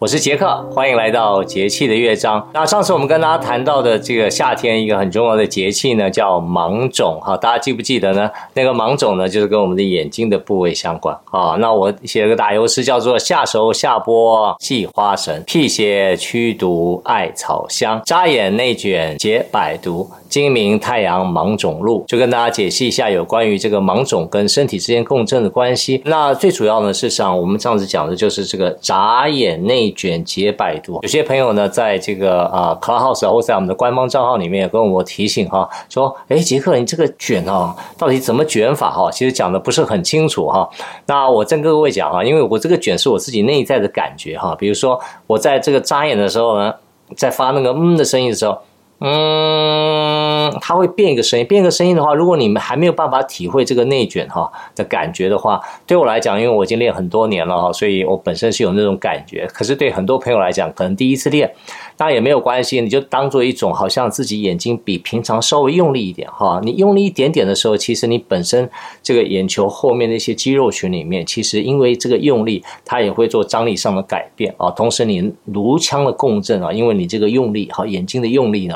我是傑克，歡迎來到節氣的樂章。那上次我們跟大家談到的這個夏天一個很重要的節氣呢，叫芒種哈，大家記不記得呢？那個芒種呢，就是跟我們的眼睛的部位相關啊。那我寫了個打油詩，叫做夏收夏播祭花神，闢邪驅毒艾草香，眨眼內卷解百毒，睛明太陽芒種露，就跟大家解析一下有關於這個芒種跟身體之間共振的關係。那最主要呢，事實上我們上次講的就是這個眨眼內。卷睫百度，有些朋友呢，在這個啊，Clubhouse 啊，Clubhouse，或者在我們的官方賬號裡面也跟我提醒哈，說，哎，傑克，你這個卷啊，到底怎麼卷法哈？其實講的不是很清楚哈。那我正跟各位講哈，因為我這個卷是我自己內在的感覺哈。比如說，我在這個眨眼的時候呢，在發那個嗯的聲音的時候。嗯，它會變一個聲音，變一個聲音的話，如果你們還沒有辦法體會這個內捲哈的感覺的話，對我來講，因為我已經練很多年了哈，所以我本身是有那種感覺。可是對很多朋友來講，可能第一次練，那也沒有關係，你就當做一種好像自己眼睛比平常稍微用力一點哈。你用力一點點的時候，其實你本身這個眼球後面的一些肌肉群裡面，其實因為這個用力，它也會做張力上的改變啊。同時，你顱腔的共振啊，因為你這個用力哈，眼睛的用力呢。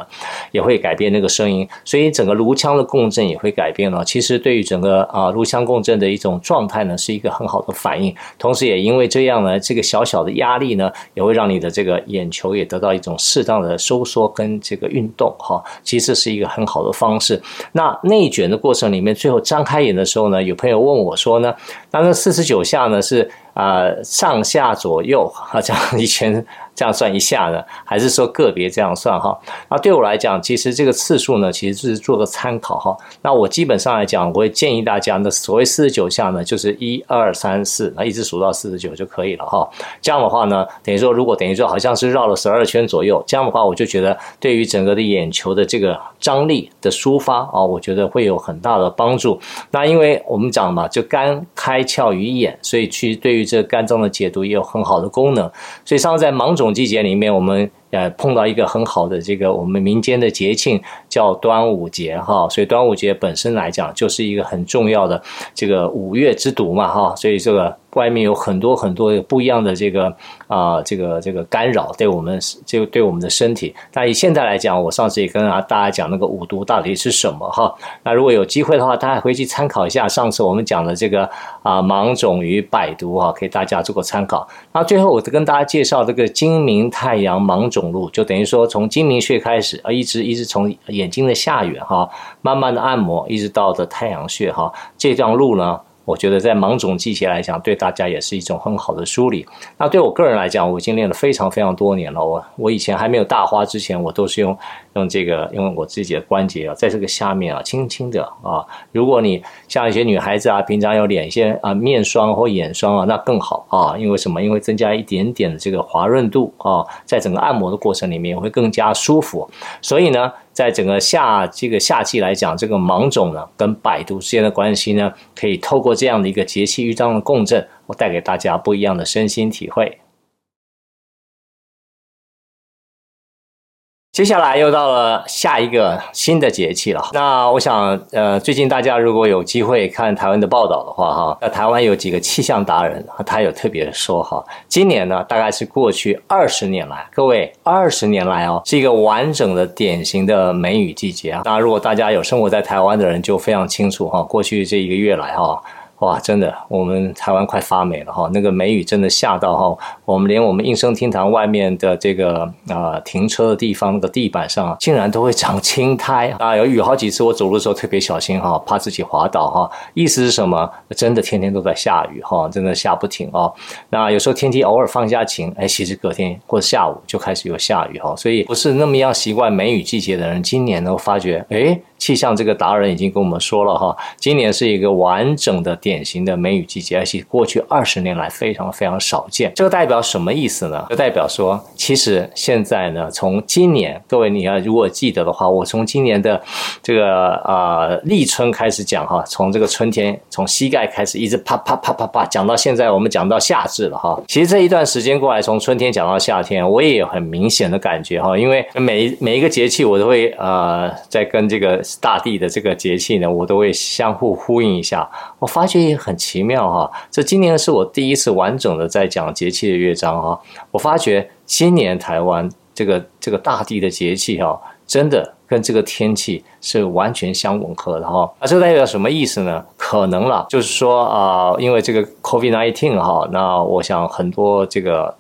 也會改變那個聲音，所以整個顱腔的共振也會改變了。其實對於整個啊顱腔共振的一種狀態呢，是一個很好的反應。同時也因為這樣呢，這個小小的壓力呢，也會讓你的這個眼球也得到一種適當的收縮跟這個運動哈、哦。其實是一個很好的方式。那內卷的過程裡面，最後張開眼的時候呢，有朋友問我說呢，當那這四十九下呢是？啊、呃，上下左右啊，這樣一圈這樣算一下的，還是說個別這樣算哈？那對我來講，其實這個次數呢，其實就是做個參考哈。那我基本上來講，我會建議大家的所謂四十九下呢，就是一二三四，那一直數到四十九就可以了哈。這樣的話呢，等於說如果等於說好像是繞了十二圈左右，這樣的話我就覺得對於整個的眼球的這個張力的抒發啊，我覺得會有很大的幫助。那因為我們講嘛，就肝開竅於眼，所以去對於這肝臟的解毒也有很好的功能，所以上次在芒種季節裡面，我們。呃，碰到一個很好的這個我們民間的節慶叫端午節哈，所以端午節本身來講就是一個很重要的這個五月之毒嘛哈，所以這個外面有很多很多不一樣的這個啊、呃、這個這個干擾對我們這個對我們的身體。那以現在來講，我上次也跟啊大家講那個五毒到底是什麼哈，那如果有機會的話，大家回去參考一下上次我們講的這個啊芒種與百毒哈，給大家做個參考。那最後我再跟大家介紹這個金明太陽芒種。就等於說，從睛明穴開始啊，一直一直從眼睛的下緣哈，慢慢的按摩，一直到的太陽穴哈，這段路呢。我覺得在芒種季節來講，對大家也是一種很好的梳理。那對我個人來講，我已經練了非常非常多年了。我我以前還沒有大花之前，我都是用用這個，因為我自己的關節啊，在這個下面啊，輕輕的啊。如果你像一些女孩子啊，平常要臉一些啊面霜或眼霜啊，那更好啊。因為什麼？因為增加一點點的這個滑潤度啊，在整個按摩的過程裡面會更加舒服。所以呢。在整個夏這個夏季來講，這個芒種呢，跟百毒之間的關係呢，可以透過這樣的一個節氣樂章的共振，我帶給大家不一樣的身心體會。接下來又到了下一個新的節氣了。那我想，呃，最近大家如果有機會看台灣的報道的話，哈，那台灣有幾個氣象達人，他有特別說，哈，今年呢大概是過去二十年來，各位二十年來哦是一個完整的典型的梅雨季節啊。那如果大家有生活在台灣的人，就非常清楚哈，過去這一個月來哈、哦。哇，真的，我們台灣快發霉了哈！那個梅雨，真的下到哈，我們連我們應聲廳堂外面的這個啊、呃、停車的地方的、那個、地板上，竟然都會長青苔啊！有雨好幾次，我走路的時候特別小心哈，怕自己滑倒哈。意思是什麼？真的天天都在下雨哈，真的下不停啊！那有時候天氣偶爾放下晴，哎，其實隔天或者下午就開始有下雨哈，所以不是那麼樣習慣梅雨季節的人，今年呢，發覺誒。哎氣象這個達人已經跟我們說了哈，今年是一個完整的典型的梅雨季節，而且過去二十年來非常非常少見。這個代表什麼意思呢？就代表說，其實現在呢，從今年各位，你要如果記得的話，我從今年的這個呃立春開始講哈，從這個春天從膝蓋開始一直啪啪啪啪啪講到現在，我們講到夏至了哈。其實這一段時間過來，從春天講到夏天，我也有很明顯的感覺哈，因為每每一個節氣我都會呃在跟這個。大地的這個節氣呢，我都會相互呼應一下。我發覺也很奇妙哈。這今年是我第一次完整的在講節氣的樂章哈，我發覺今年台灣這個這個大地的節氣哈，真的跟這個天氣是完全相吻合的哈。那這代表什麼意思呢？可能了，就是說啊，因為這個 COVID 19哈，那我想很多這個。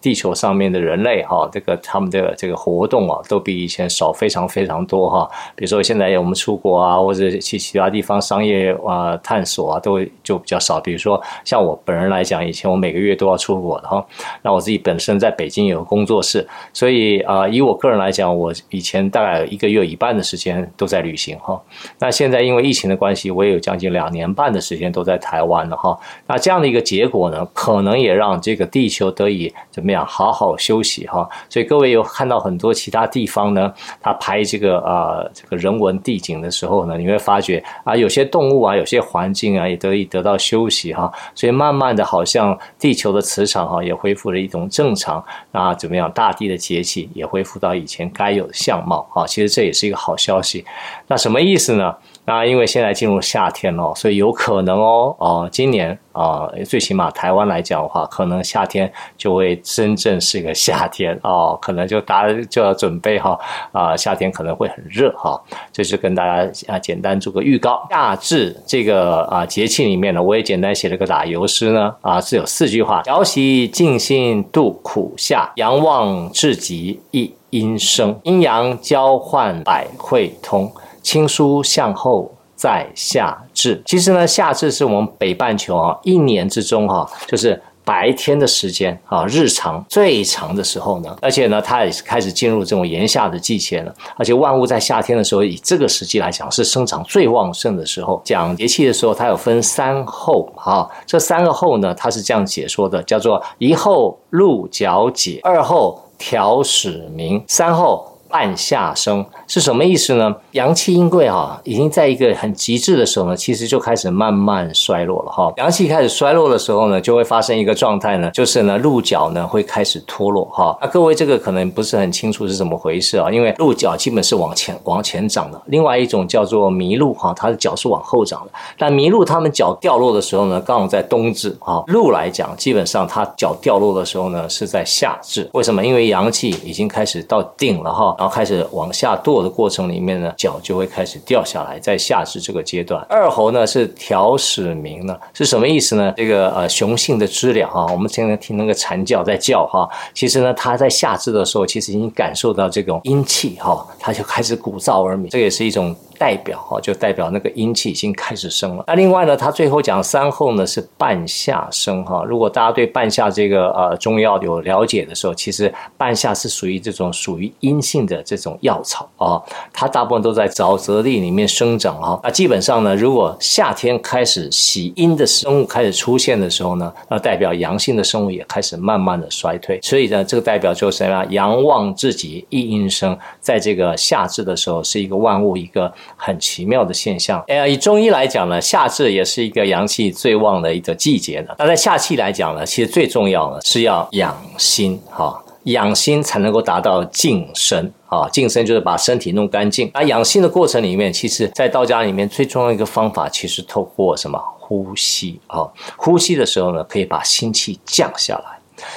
地球上面的人類哈，這個他們的這個活動啊，都比以前少非常非常多哈。比如說現在我們出國啊，或者去其他地方商業啊、探索啊，都就比較少。比如說像我本人來講，以前我每個月都要出國的哈，那我自己本身在北京有工作室，所以啊，以我個人來講，我以前大概一個月一半的時間都在旅行哈。那現在因為疫情的關係，我也有將近兩年半的時間都在台灣的哈。那這樣的一個結果呢，可能也讓這個地球得以。怎麼樣，好好休息哈。所以各位有看到很多其他地方呢，它拍這個啊、呃，這個人文地景的時候呢，你會發覺啊，有些動物啊，有些環境啊，也得以得到休息哈。所以慢慢的，好像地球的磁場哈也恢復了一種正常啊，那怎麼樣，大地的節氣也恢復到以前該有的相貌啊。其實這也是一個好消息，那什麼意思呢？那因為現在進入夏天了、哦，所以有可能哦，哦、呃，今年啊、呃，最起碼台灣來講的話，可能夏天就會真正是一個夏天哦，可能就大家就要準備好、哦、啊、呃，夏天可能會很熱哈、哦，這就是跟大家啊簡單做個預告。夏至這個啊節氣裡面呢，我也簡單寫了個打油詩呢，啊，是有四句話：調息靜心度苦夏，陽旺至極一陰生，陰陽交換百會通。輕梳向後在夏至，其實呢，夏至是我們北半球啊一年之中哈、啊，就是白天的時間啊，日常最長的時候呢，而且呢，它也是開始進入這種炎夏的季節了。而且萬物在夏天的時候，以這個時期來講，是生長最旺盛的時候。講節氣的時候，它有分三候哈、哦，這三個候呢，它是這樣解說的，叫做一候鹿角解，二候蜩始鳴，三候。半夏生是什麼意思呢？陽氣陰貴哈，已經在一個很極致的時候呢，其實就開始慢慢衰落了哈。陽氣開始衰落的時候呢，就會發生一個狀態呢，就是呢鹿角呢會開始脫落哈。那各位這個可能不是很清楚是怎麼回事啊，因為鹿角基本是往前往前長的。另外一種叫做麋鹿哈，它的角是往後長的。但麋鹿它們角掉落的時候呢，剛好在冬至啊。鹿來講，基本上它角掉落的時候呢是在夏至。為什麼？因為陽氣已經開始到頂了哈。然後開始往下墮的過程裡面呢，腳就會開始掉下來，在夏至這個階段，二候呢是蜩始鳴呢，是什麼意思呢？這個呃雄性的知了哈，我們經常聽那個蟬叫在叫哈，其實呢它在夏至的時候，其實已經感受到這種陰氣哈，它就開始鼓噪而鳴，這也是一種。代表哈，就代表那個陰氣已經開始生了。那另外呢，他最後講三候呢是半夏生哈。如果大家對半夏這個呃中藥有了解的時候，其實半夏是屬於這種屬於陰性的這種藥草啊、哦，它大部分都在沼澤地裡面生長啊、哦。那基本上呢，如果夏天開始喜陰的生物開始出現的時候呢，那代表陽性的生物也開始慢慢的衰退。所以呢，這個代表就是什麼？陽旺至極一陰生，在這個夏至的時候是一個萬物一個。很奇妙的現象。哎，以中醫來講呢，夏至也是一個陽氣最旺的一個季節呢。那在夏季來講呢，其實最重要的是要養心哈，哦，養心才能夠達到淨身啊。哦，淨身就是把身體弄乾淨。而養心的過程裡面，其實在道家裡面最重要的一個方法，其實透過什麼呼吸啊、哦，呼吸的時候呢，可以把心氣降下來。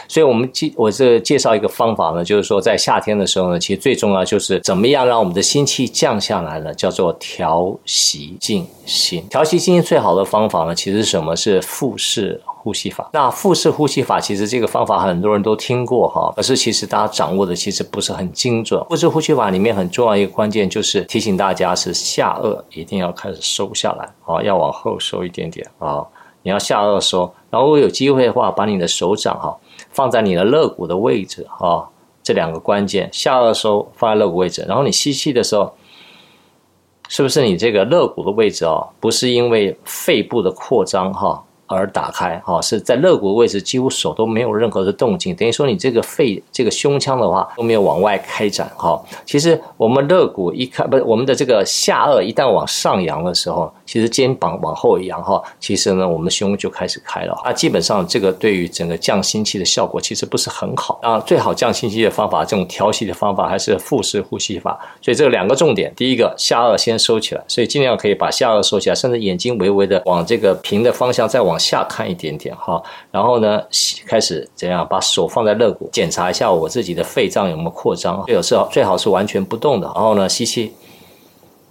所以我，我們介我介紹一個方法呢，就是說在夏天的時候呢，其實最重要就是怎麼樣讓我們的心氣降下來呢？叫做調息靜心。調息靜心最好的方法呢，其實是什麼？是腹式呼吸法。那腹式呼吸法其實這個方法很多人都聽過哈，可是其實大家掌握的其實不是很精準。腹式呼吸法裡面很重要一個關鍵就是提醒大家是下顎一定要開始收下來，啊，要往後收一點點啊，你要下顎收。然後如果有機會的話，把你的手掌哈。放在你的肋骨的位置哈、啊，這兩個關鍵，下顎收放在肋骨位置，然後你吸氣的時候，是不是你這個肋骨的位置啊？不是因為肺部的擴張哈、啊。而打開哈，是在肋骨位置，幾乎手都沒有任何的動靜，等於說你這個肺、這個胸腔的話都沒有往外開展哈。其實我們肋骨一開，不是我們的這個下顎一旦往上揚的時候，其實肩膀往後一揚哈，其實呢，我們胸就開始開了啊。基本上這個對於整個降心氣的效果其實不是很好啊。最好降心氣的方法，這種調息的方法還是腹式呼吸法。所以這兩個重點，第一個下顎先收起來，所以盡量可以把下顎收起來，甚至眼睛微微的往這個平的方向再往。往下看一點點哈，然後呢，開始怎樣？把手放在肋骨，檢查一下我自己的肺臟有沒有擴張。最好是最好是完全不動的。然後呢，吸氣，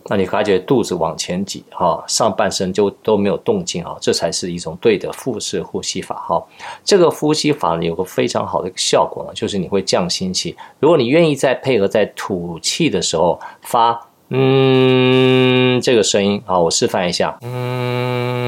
那你感覺肚子往前擠哈、哦，上半身就都沒有動靜啊、哦，這才是一種對的腹式呼吸法哈、哦。這個呼吸法有個非常好的效果呢，就是你會降心氣。如果你願意再配合，在吐氣的時候發嗯這個聲音，好，我示範一下，嗯。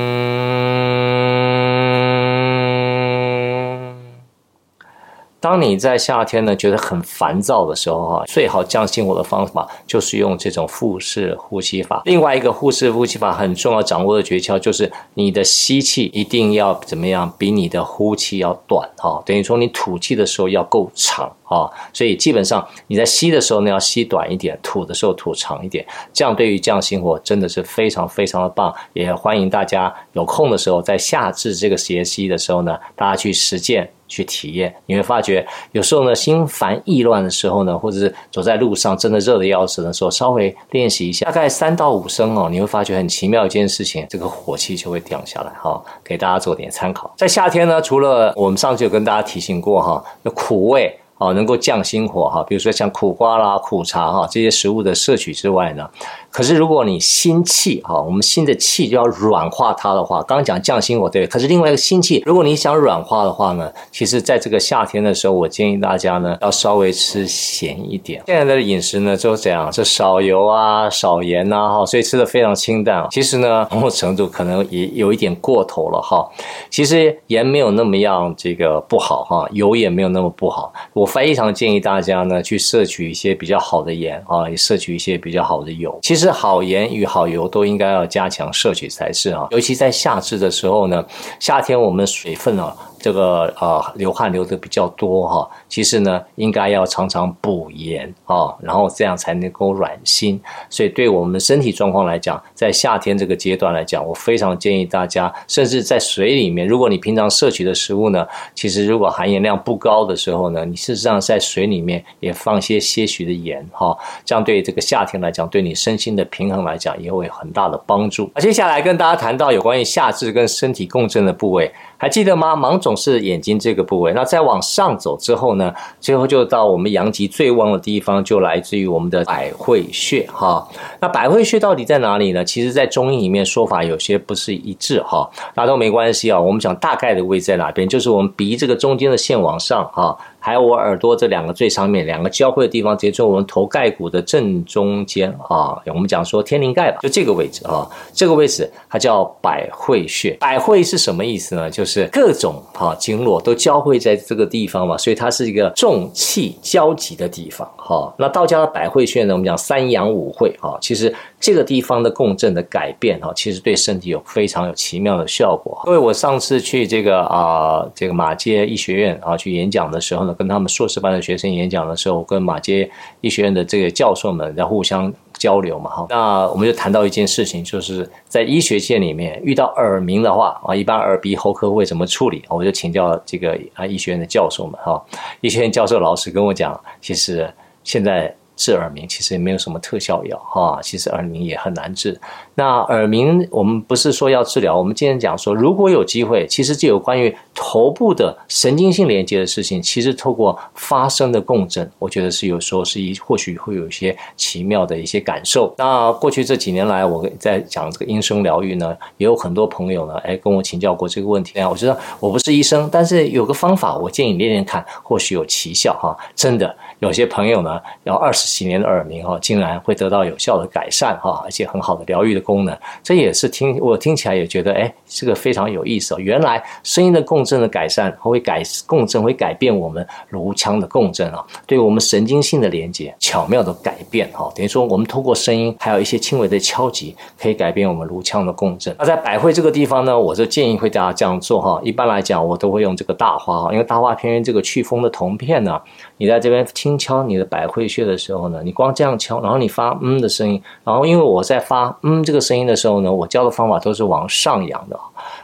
當你在夏天呢覺得很煩躁的時候哈，最好降心火的方法就是用這種腹式呼吸法。另外一個腹式呼吸法很重要掌握的訣竅就是你的吸氣一定要怎麼樣，比你的呼氣要短哈、哦，等於說你吐氣的時候要夠長哈、哦。所以基本上你在吸的時候呢要吸短一點，吐的時候吐長一點，這樣對於降心火真的是非常非常的棒。也歡迎大家有空的時候在夏至這個節氣的時候呢，大家去實踐。去體驗，你會發覺，有時候呢，心煩意亂的時候呢，或者是走在路上，真的熱的要死的時候，稍微練習一下，大概三到五聲哦，你會發覺很奇妙一件事情，這個火氣就會掉下來哈。給大家做點參考，在夏天呢，除了我們上次有跟大家提醒過哈，那苦味。啊，能夠降心火哈，比如說像苦瓜啦、苦茶哈這些食物的攝取之外呢，可是如果你心氣哈，我們心的氣就要軟化它的話，剛剛講降心火對，可是另外一個心氣，如果你想軟化的話呢，其實在這個夏天的時候，我建議大家呢要稍微吃鹹一點。現在的飲食呢就是這樣，是少油啊、少鹽吶、啊、哈，所以吃得非常清淡。其實呢，某種程度可能也有一點過頭了哈。其實鹽沒有那麼樣這個不好哈，油也沒有那麼不好。我。我非常建議大家呢去攝取一些比較好的鹽啊，也攝取一些比較好的油。其實好鹽與好油都應該要加強攝取才是啊，尤其在夏至的時候呢，夏天我們的水分啊。這個啊、呃，流汗流的比較多哈，其實呢，應該要常常補鹽啊、哦，然後這樣才能夠軟心。所以，對我們身體狀況來講，在夏天這個階段來講，我非常建議大家，甚至在水裡面，如果你平常攝取的食物呢，其實如果含鹽量不高的時候呢，你事實上在水裡面也放些些許的鹽哈、哦，這樣對這個夏天來講，對你身心的平衡來講，也會有很大的幫助。那、啊、接下來跟大家談到有關於夏至跟身體共振的部位。還記得嗎？芒種是眼睛這個部位。那再往上走之後呢，最後就到我們陽極最旺的地方，就來自於我們的百會穴哈。那百會穴到底在哪裡呢？其實，在中醫裡面說法有些不是一致哈，那都沒關係啊。我們講大概的位置在哪邊，就是我們鼻這個中間的線往上哈。還有我耳朵這兩個最上面兩個交匯的地方，直接就我們頭蓋骨的正中間啊。我們講說天靈蓋吧，就這個位置啊，這個位置它叫百會穴。百會是什麼意思呢？就是各種哈、啊、經絡都交匯在這個地方嘛，所以它是一個重氣交集的地方哈、啊。那道家的百會穴呢，我們講三陽五會啊，其實這個地方的共振的改變哈、啊，其實對身體有非常有奇妙的效果。啊、因為我上次去這個啊、呃、這個馬偕醫學院啊去演講的時候呢。跟他們碩士班的學生演講的時候，跟馬偕醫學院的這個教授們在互相交流嘛哈。那我們就談到一件事情，就是在醫學界裡面遇到耳鳴的話啊，一般耳鼻喉科會怎麼處理？我就請教這個啊醫學院的教授們哈。醫學院教授老師跟我講，其實現在治耳鳴其實也沒有什麼特效藥哈，其實耳鳴也很難治。那耳鳴，我們不是說要治療，我們今天講說，如果有機會，其實就有關於頭部的神經性連接的事情，其實透過發聲的共振，我覺得是有時候是一，或許會有一些奇妙的一些感受。那過去這幾年來，我在講這個音聲療癒呢，也有很多朋友呢，哎，跟我請教過這個問題呀。我覺得我不是醫生，但是有個方法，我建議練練看，或許有奇效哈。真的，有些朋友呢，要二十幾年的耳鳴哈，竟然會得到有效的改善哈，而且很好的療癒的。功能，這也是聽我聽起來也覺得哎，這個非常有意思哦。原來聲音的共振的改善它會改共振會改變我們顱腔的共振啊，對我們神經性的連接巧妙的改變啊。等於說我們通過聲音還有一些輕微的敲擊，可以改變我們顱腔的共振。那在百會這個地方呢，我就建議會大家這樣做哈。一般來講，我都會用這個大花哈，因為大花偏偏這個祛風的銅片呢。你在這邊輕敲你的百會穴的時候呢，你光這樣敲，然後你發嗯的聲音，然後因為我在發嗯這個。這個聲音的時候呢，我教的方法都是往上揚的，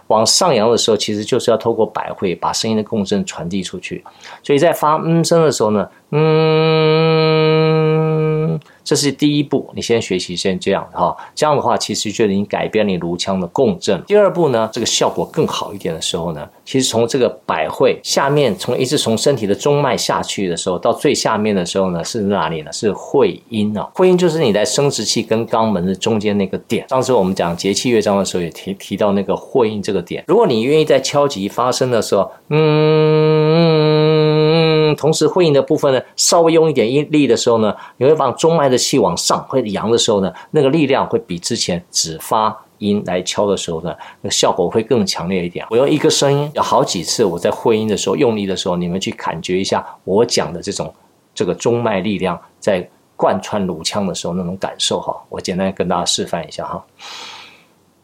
往上揚的時候，其實就是要透過百會把聲音的共振傳遞出去。所以在發嗯聲的時候呢，嗯。這是第一步，你先學習先這樣哈，這樣的話其實就已經改變你顱腔的共振。第二步呢，這個效果更好一點的時候呢，其實從這個百會下面從，從一直從身體的中脈下去的時候，到最下面的時候呢，是哪裡呢？是會陰啊。會陰就是你在生殖器跟肛門的中間那個點。上次我們講節氣樂章的時候也提提到那個會陰這個點。如果你願意在敲擊發聲的時候，嗯。同時，會陰的部分呢，稍微用一點陰力的時候呢，你會把中脈的氣往上，會揚的時候呢，那個力量會比之前只發音來敲的時候呢，那效果會更強烈一點。我用一個聲音，有好幾次我在會陰的時候用力的時候，你們去感覺一下我講的這種這個中脈力量在貫穿顱腔的時候那種感受哈。我簡單跟大家示範一下哈，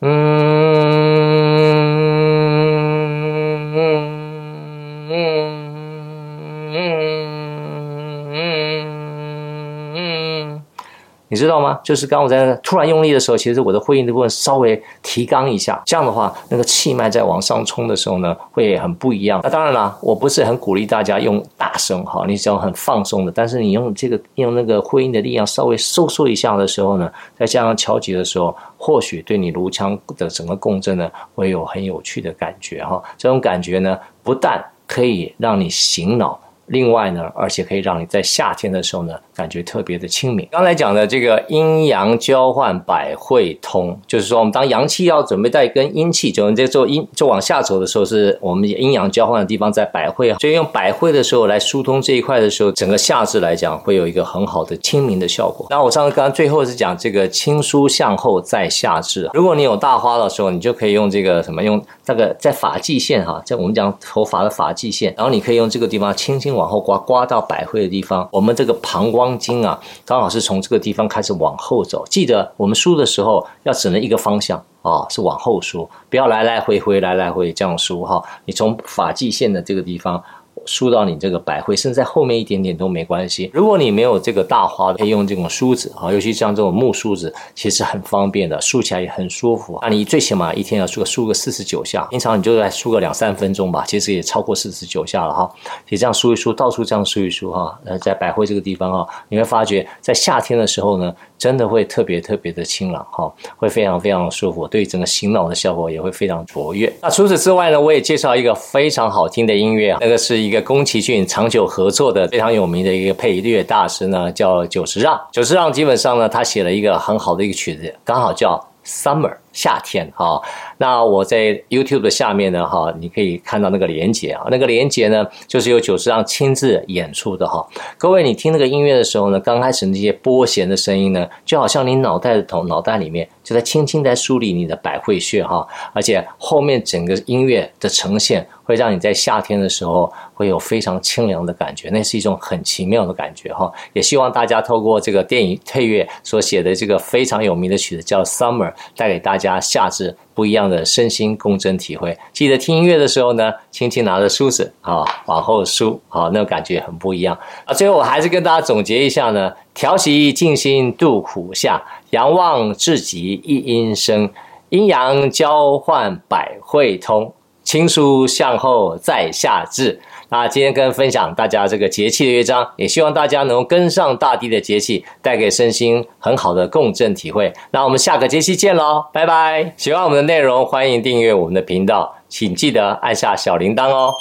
嗯。你知道嗎？就是剛，剛我在那突然用力的時候，其實我的會陰的部分稍微提肛一下，這樣的話，那個氣脈在往上衝的時候呢，會很不一樣。那、啊、當然了，我不是很鼓勵大家用大聲哈，你只要很放鬆的。但是你用這個用那個會陰的力量稍微收縮一下的時候呢，再加上敲擊的時候，或許對你顱腔的整個共振呢會有很有趣的感覺哈。這種感覺呢，不但可以讓你醒腦，另外呢，而且可以讓你在夏天的時候呢。感覺特別的清明。剛才講的這個陰陽交換，百會通，就是說我們當陽氣要準備在跟陰氣就備在走陰，就往下走的時候，是我們陰陽交換的地方在百會，所以用百會的時候來疏通這一塊的時候，整個夏至來講會有一個很好的清明的效果。那我上次剛，剛最後是講這個輕梳向後在夏至，如果你有大花的時候，你就可以用這個什麼，用那個在髮際線哈，在我們講頭髮的髮際線，然後你可以用這個地方輕輕往後刮，刮到百會的地方，我們這個膀胱。筋啊，剛好是從這個地方開始往後走。記得我們梳的時候要只能一個方向啊、哦，是往後梳，不要來來回回、來來回這樣梳哈、哦。你從髮際線的這個地方。梳到你這個百會，甚至在後面一點點都沒關係。如果你沒有這個大花的，可以用這種梳子啊，尤其像這，這種木梳子，其實很方便的，梳起來也很舒服。那你最起碼一天要梳個梳個四十九下，平常你就來梳個兩三分鐘吧，其實也超過四十九下了哈。你這樣梳一梳，到處這樣梳一梳哈，呃，在百會這個地方哈，你會發覺在夏天的時候呢。真的會特別特別的清朗哈，會非常非常舒服，對整個醒腦的效果也會非常卓越。那除此之外呢，我也介紹一個非常好聽的音樂啊，那個是一個宮崎駿長久合作的非常有名的一個配樂大師呢，叫久石讓。久石讓基本上呢，他寫了一個很好的一個曲子，剛好叫《Summer》。夏天哈，那我在 YouTube 的下面呢哈，你可以看到那個連接啊，那個連接呢就是由久石讓親自演出的哈。各位，你聽那個音樂的時候呢，剛開始那些撥弦的聲音呢，就好像你腦袋的頭腦袋裡面就在輕輕在梳理你的百會穴哈，而且後面整個音樂的呈現會讓你在夏天的時候會有非常清涼的感覺，那是一種很奇妙的感覺哈。也希望大家透過這個電影配樂所寫的這個非常有名的曲子叫《Summer》，帶給大家。下至不一樣的身心共振體會，記得聽音樂的時候呢，輕輕拿着梳子啊，往後梳啊，那種感覺很不一樣啊。最後，我還是跟大家總結一下呢：調息靜心度苦夏，陽旺至極一陰生，陰陽交換百會通。輕梳向後在夏至。那今天跟分享大家這個節氣的樂章，也希望大家能夠跟上大地的節氣，帶給身心很好的共振體會。那我們下個節氣見嘍，拜拜！喜歡我們的內容，歡迎訂閱我們的頻道，請記得按下小鈴鐺哦。